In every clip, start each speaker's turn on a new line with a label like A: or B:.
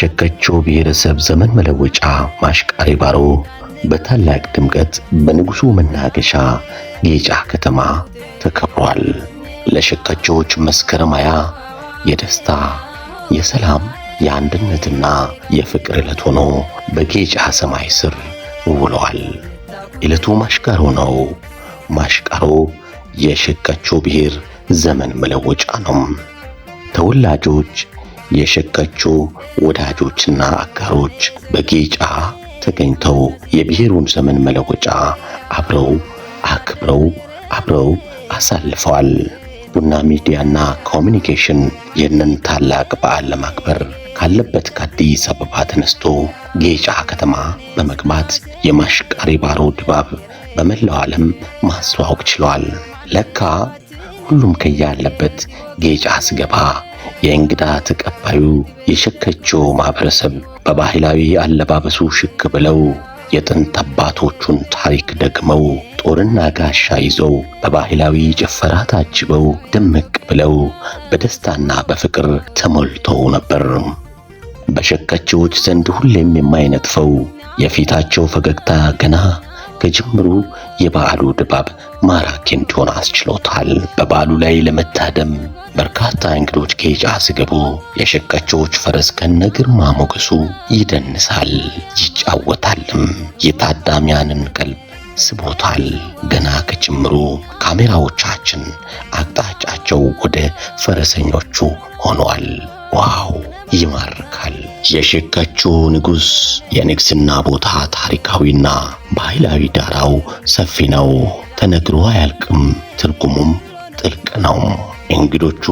A: በሸከቾ ብሔረሰብ ዘመን መለወጫ ባሮ በታላቅ ድምቀት በንጉሱ መናገሻ ጌጫ ከተማ ተከብሯል። ለሸከቾዎች መስከረም ሃያ የደስታ የሰላም የአንድነትና የፍቅር ዕለት ሆኖ በጌጫ ሰማይ ስር ውለዋል። ዕለቱ ማሽቃሮ ነው። ማሽቃሮ የሸከቾ ብሔር ዘመን መለወጫ ነው። ተወላጆች የሸቀችው ወዳጆችና አጋሮች በጌጫ ተገኝተው የብሔሩን ዘመን መለወጫ አብረው አክብረው አብረው አሳልፈዋል። ቡና ሚዲያና ኮሚኒኬሽን ይህንን ታላቅ በዓል ለማክበር ካለበት ከአዲስ አበባ ተነስቶ ጌጫ ከተማ በመግባት የማሽቃሪ ባሮ ድባብ በመላው ዓለም ማስተዋወቅ ችሏል። ለካ ሁሉም ከያለበት ጌጫ ስገባ የእንግዳ ተቀባዩ የሸከቾ ማህበረሰብ በባህላዊ አለባበሱ ሽክ ብለው የጥንት አባቶቹን ታሪክ ደግመው ጦርና ጋሻ ይዘው በባህላዊ ጭፈራ ታጅበው ድምቅ ብለው በደስታና በፍቅር ተሞልተው ነበር። በሸከቾዎች ዘንድ ሁሌም የማይነጥፈው የፊታቸው ፈገግታ ገና ከጅምሩ የበዓሉ ድባብ ማራኪ እንዲሆን አስችሎታል። በበዓሉ ላይ ለመታደም በርካታ እንግዶች ከጫ ሲገቡ የሸቀቾች ፈረስ ከነግር ግርማ ይደንሳል ይጫወታልም፣ የታዳሚያንን ቀልብ ስቦታል። ገና ከጅምሩ ካሜራዎቻችን አቅጣጫቸው ወደ ፈረሰኞቹ ሆኗል። ዋው ይማርካል። የሸቀቹ ንጉሥ የንግስና ቦታ ታሪካዊና ባህላዊ ዳራው ሰፊ ነው፣ ተነግሮ አያልቅም። ትርጉሙም ጥልቅ ነው። እንግዶቹ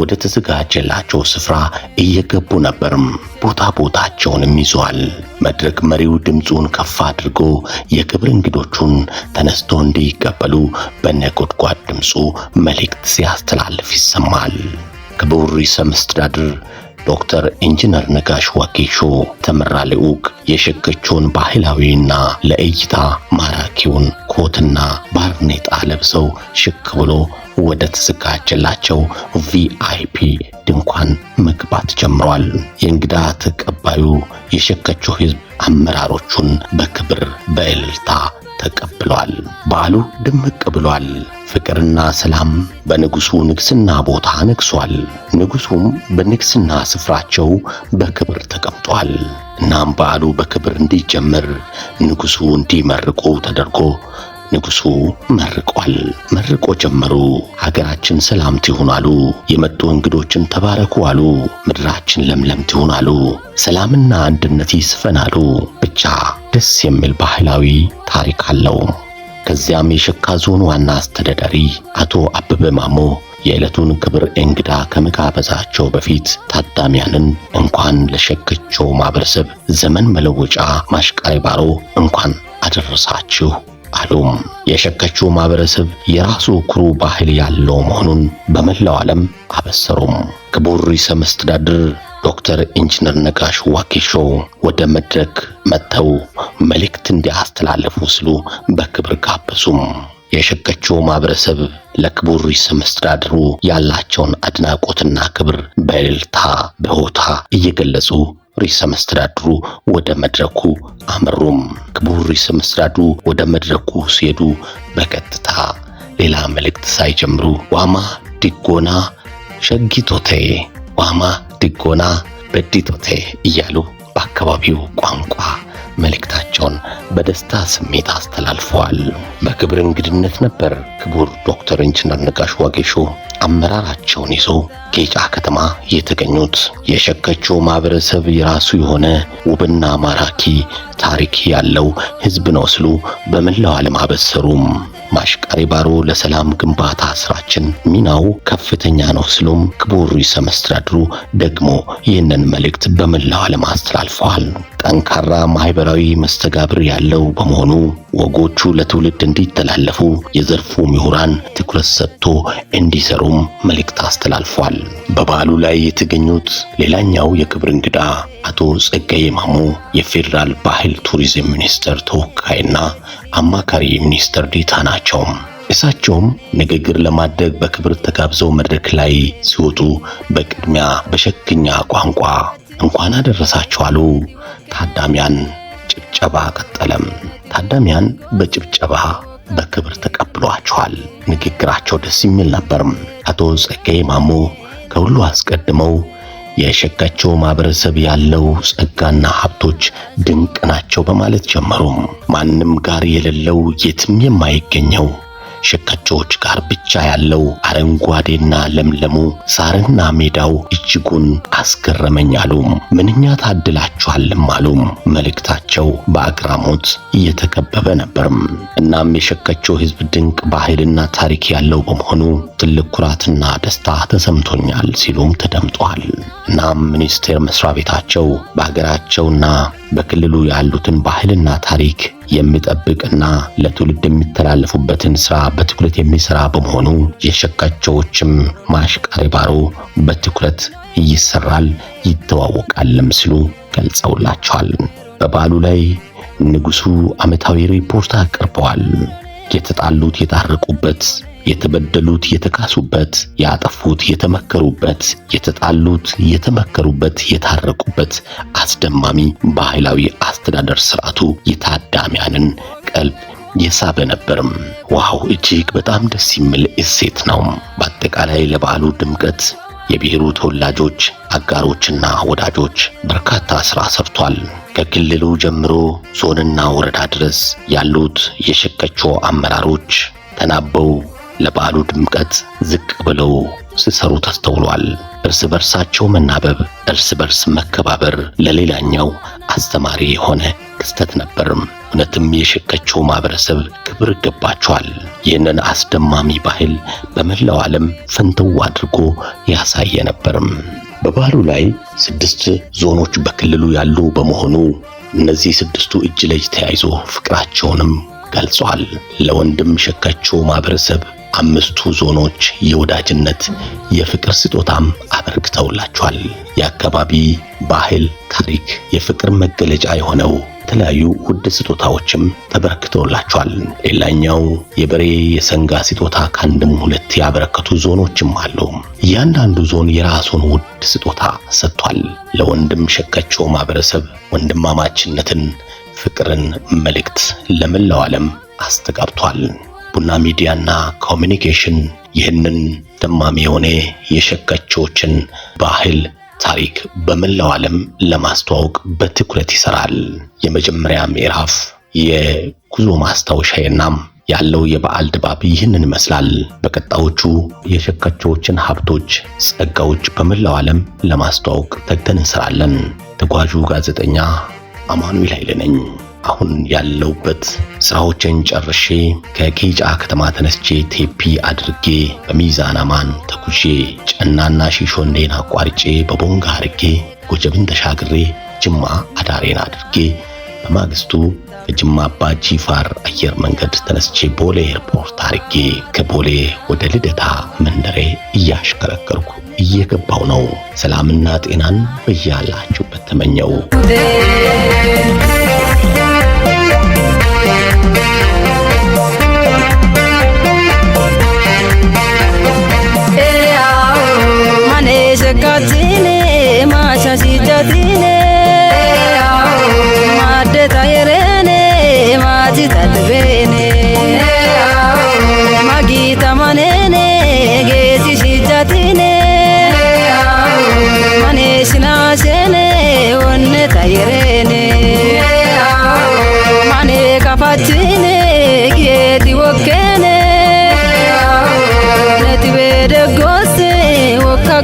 A: ወደ ተዘጋጀላቸው ስፍራ እየገቡ ነበርም። ቦታ ቦታቸውንም ይዘዋል። መድረክ መሪው ድምፁን ከፍ አድርጎ የክብር እንግዶቹን ተነስቶ እንዲቀበሉ በነጎድጓድ ድምፁ መልእክት ሲያስተላልፍ ይሰማል። ክቡር ርዕሰ መስተዳድር ዶክተር ኢንጂነር ነጋሽ ዋጌሾ ተመራ ልዑቅ የሸከቾን ባህላዊና ለእይታ ማራኪውን ኮትና ባርኔጣ ለብሰው ሽክ ብሎ ወደ ተዘጋጀላቸው ቪአይፒ ድንኳን መግባት ጀምሯል። የእንግዳ ተቀባዩ የሸከቾ ሕዝብ አመራሮቹን በክብር በእልልታ ተቀብሏል። በዓሉ ድምቅ ብሏል። ፍቅርና ሰላም በንጉሱ ንግስና ቦታ ነግሷል። ንጉሱም በንግስና ስፍራቸው በክብር ተቀምጧል። እናም በዓሉ በክብር እንዲጀምር ንጉሱ እንዲመርቁ ተደርጎ ንጉሱ መርቋል። መርቆ ጀመሩ። ሀገራችን ሰላም ትሁን አሉ። የመጡ እንግዶችን ተባረኩ አሉ። ምድራችን ለምለም ትሁን አሉ። ሰላምና አንድነት ይስፈን አሉ። ብቻ ደስ የሚል ባህላዊ ታሪክ አለው። ከዚያም የሸካ ዞን ዋና አስተዳዳሪ አቶ አበበ ማሞ የዕለቱን ክብር እንግዳ ከመጋበዛቸው በፊት ታዳሚያንን እንኳን ለሸክቾ ማህበረሰብ ዘመን መለወጫ ማሽቃሪ ባሮ እንኳን አደረሳችሁ አሉም። የሸከቹ ማህበረሰብ የራሱ ኩሩ ባህል ያለው መሆኑን በመላው ዓለም አበሰሩም። ክቡር ርዕሰ መስተዳድር ዶክተር ኢንጂነር ነጋሽ ዋኬሾ ወደ መድረክ መጥተው መልእክት እንዲያስተላልፉ ስሉ በክብር ጋበዙም። የሸከቾ ማህበረሰብ ለክቡር ርዕሰ መስተዳድሩ ያላቸውን አድናቆትና ክብር በእልልታ በሆታ እየገለጹ ርዕሰ መስተዳድሩ ወደ መድረኩ አመሩም። ክቡር ርዕሰ መስተዳድሩ ወደ መድረኩ ሲሄዱ በቀጥታ ሌላ መልእክት ሳይጀምሩ ዋማ ድጎና ሸጊቶቴ ዋማ ድጎና በዲቶቴ እያሉ በአካባቢው ቋንቋ መልእክታቸውን በደስታ ስሜት አስተላልፈዋል። በክብር እንግድነት ነበር ክቡር ዶክተር ኢንጂነር ነጋሽ ዋጌሾ አመራራቸውን ይዘው ጌጫ ከተማ የተገኙት። የሸከቾ ማህበረሰብ የራሱ የሆነ ውብና ማራኪ ታሪክ ያለው ህዝብ ነው ሲሉ በመላው ዓለም አበሰሩም። ማሽቃሪ ባሮ ለሰላም ግንባታ ስራችን ሚናው ከፍተኛ ነው ሲሉም ክቡር ርዕሰ መስተዳድሩ ደግሞ ይህንን መልእክት በመላው ዓለም አስተላልፈዋል። ጠንካራ ማህበራዊ መስተጋብር ያለው በመሆኑ ወጎቹ ለትውልድ እንዲተላለፉ የዘርፉ ምሁራን ትኩረት ሰጥቶ እንዲሰሩም መልእክት አስተላልፏል። በበዓሉ ላይ የተገኙት ሌላኛው የክብር እንግዳ አቶ ጸጋዬ ማሞ የፌዴራል ባህል ቱሪዝም ሚኒስቴር ተወካይና አማካሪ ሚኒስትር ዴታ ናቸው። እሳቸውም ንግግር ለማድረግ በክብር ተጋብዘው መድረክ ላይ ሲወጡ በቅድሚያ በሸክኛ ቋንቋ እንኳን አደረሳችሁ አሉ። ታዳሚያን ጭብጨባ ቀጠለም። ታዳሚያን በጭብጨባ በክብር ተቀብሏቸዋል። ንግግራቸው ደስ የሚል ነበር። አቶ ጸጋዬ ማሞ ከሁሉ አስቀድመው የሸጋቸው ማህበረሰብ ያለው ጸጋና ሀብቶች ድንቅ ናቸው በማለት ጀመሩ። ማንም ጋር የሌለው የትም የማይገኘው ሸካቾች ጋር ብቻ ያለው አረንጓዴና ለምለሙ ሳርና ሜዳው እጅጉን አስገረመኝ አሉ። ምንኛ ታድላችኋልም አሉ። መልእክታቸው በአግራሞት እየተከበበ ነበርም። እናም የሸካቾ ህዝብ ድንቅ ባህልና ታሪክ ያለው በመሆኑ ትልቅ ኩራትና ደስታ ተሰምቶኛል ሲሉም ተደምጧል። እናም ሚኒስቴር መስሪያ ቤታቸው በሀገራቸውና በክልሉ ያሉትን ባህልና ታሪክ የሚጠብቅና ለትውልድ የሚተላለፉበትን ስራ በትኩረት የሚሰራ በመሆኑ የሸካቾዎችም ማሽቃሪባሮ በትኩረት ይሰራል ይተዋወቃልም ሲሉ ገልጸውላቸዋል። በበዓሉ ላይ ንጉሱ ዓመታዊ ሪፖርት አቅርበዋል። የተጣሉት የታረቁበት የተበደሉት የተካሱበት፣ ያጠፉት የተመከሩበት፣ የተጣሉት የተመከሩበት፣ የታረቁበት አስደማሚ ባህላዊ አስተዳደር ስርዓቱ የታዳሚያንን ቀልብ የሳበ ነበርም። ዋው! እጅግ በጣም ደስ የሚል እሴት ነው። በአጠቃላይ ለበዓሉ ድምቀት የብሔሩ ተወላጆች አጋሮችና ወዳጆች በርካታ ሥራ ሰርቷል። ከክልሉ ጀምሮ ዞንና ወረዳ ድረስ ያሉት የሸከቾ አመራሮች ተናበው ለበዓሉ ድምቀት ዝቅ ብለው ሲሰሩ ተስተውሏል። እርስ በርሳቸው መናበብ፣ እርስ በርስ መከባበር ለሌላኛው አስተማሪ የሆነ ክስተት ነበርም። እውነትም የሸከቸው ማህበረሰብ ክብር ይገባቸዋል። ይህንን አስደማሚ ባህል በመላው ዓለም ፈንተው አድርጎ ያሳየ ነበርም። በባህሉ ላይ ስድስት ዞኖች በክልሉ ያሉ በመሆኑ እነዚህ ስድስቱ እጅ ለእጅ ተያይዞ ፍቅራቸውንም ገልጸዋል። ለወንድም ሸከቸው ማህበረሰብ አምስቱ ዞኖች የወዳጅነት የፍቅር ስጦታም አበርክተውላቸዋል። የአካባቢ ባህል፣ ታሪክ፣ የፍቅር መገለጫ የሆነው የተለያዩ ውድ ስጦታዎችም ተበረክተውላቸዋል። ሌላኛው የበሬ የሰንጋ ስጦታ ከአንድም ሁለት ያበረከቱ ዞኖችም አሉ። እያንዳንዱ ዞን የራሱን ውድ ስጦታ ሰጥቷል። ለወንድም ሸከቸው ማህበረሰብ ወንድማማችነትን፣ ፍቅርን መልእክት ለመላው ዓለም አስተጋብቷል። ቡልቡላ ሚዲያና ኮሚኒኬሽን ይህንን ተማሚ የሆነ የሸካቾችን ባህል ታሪክ በመላው ዓለም ለማስተዋወቅ በትኩረት ይሰራል። የመጀመሪያ ምዕራፍ የጉዞ ማስታወሻዬና ያለው የበዓል ድባብ ይህንን ይመስላል። በቀጣዮቹ የሸካቾችን ሀብቶች፣ ጸጋዎች በመላው ዓለም ለማስተዋወቅ ተግተን እንሰራለን። ተጓዡ ጋዜጠኛ አማኑኤል ኃይለ ነኝ። አሁን ያለውበት ስራዎችን ጨርሼ ከኬጫ ከተማ ተነስቼ ቴፒ አድርጌ በሚዛን አማን ተጉዤ ጨናና ሺሾኔን አቋርጬ በቦንጋ አድርጌ ጎጀብን ተሻግሬ ጅማ አዳሬን አድርጌ በማግስቱ ከጅማ አባ ጂፋር አየር መንገድ ተነስቼ ቦሌ ኤርፖርት አድርጌ ከቦሌ ወደ ልደታ መንደሬ እያሽከረከርኩ እየገባው ነው። ሰላምና ጤናን በያላችሁበት ተመኘው።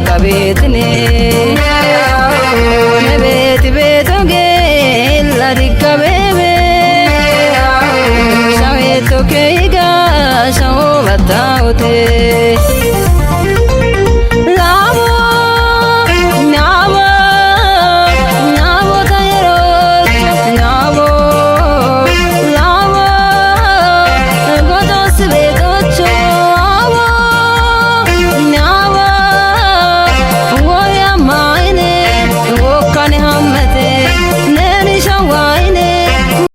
A: ከቤትኔ